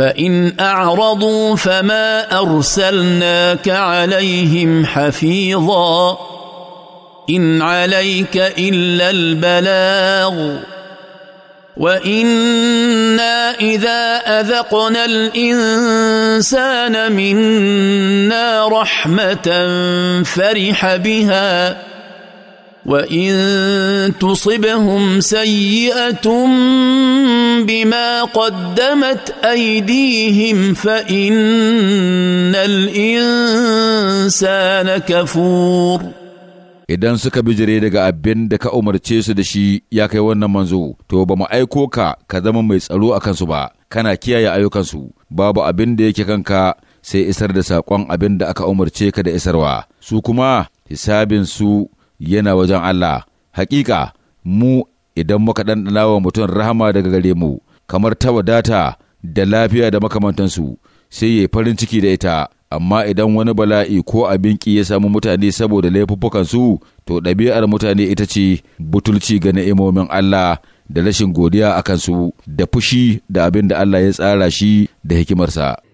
فان اعرضوا فما ارسلناك عليهم حفيظا ان عليك الا البلاغ وانا اذا اذقنا الانسان منا رحمه فرح بها وان تصبهم سيئه بما قدمت ايديهم فان الانسان كفور idan suka bijire daga abin da ka umarce su da shi ya kai wannan manzo to ba mu aiko ka ka zama mai tsaro a kansu ba kana kiyaye ayyukansu babu abin da yake kanka sai isar da saƙon abin da aka umarce ka da isarwa su kuma hisabinsu yana wajen Allah hakika mu idan muka ɗanɗana wa mutum rahama daga gare mu kamar ta wadata da lafiya da makamantansu sai ya farin ciki da ita amma idan wani bala'i ko abin ki ya samu mutane saboda laifuffukansu to ɗabi'ar mutane ita ce butulci ga na'imomin Allah da rashin godiya a kansu da fushi da abin da Allah ya tsara shi da hikimarsa.